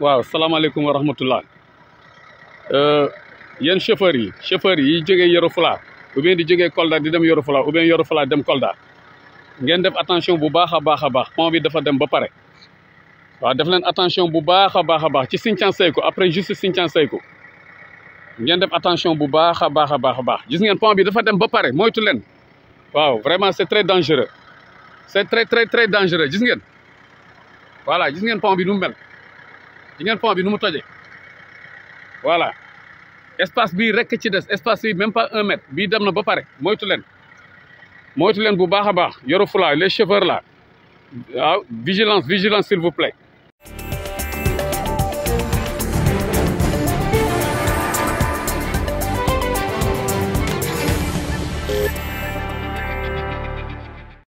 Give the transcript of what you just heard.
waaw salaamaaleykum wa rahmatullah euh, yéen chauffeur yi chauffeur yi yi jógee Yoro Fula ou bien di jógee Kolda di dem Yoro Fula ou bien Yoro Fula dem Kolda ngeen def attention bu baax a baax a baax pont bi dafa dem ba pare waaw def leen attention bu baax a baax a baax ci Sinthiane après juste Sinthiane Seyku ngeen def attention bu baax a baax a baax a baax gis ngeen pont bi dafa dem ba pare moytu leen waaw vraiment c'est très dangereux c'est très très très dangereux gis ngeen voilà gis ngeen pont bi nu mu mel voilà espace rek ci espace même pas un mètre ba moytu les chauffeurs là ah, vigilance vigilance s'il vous plaît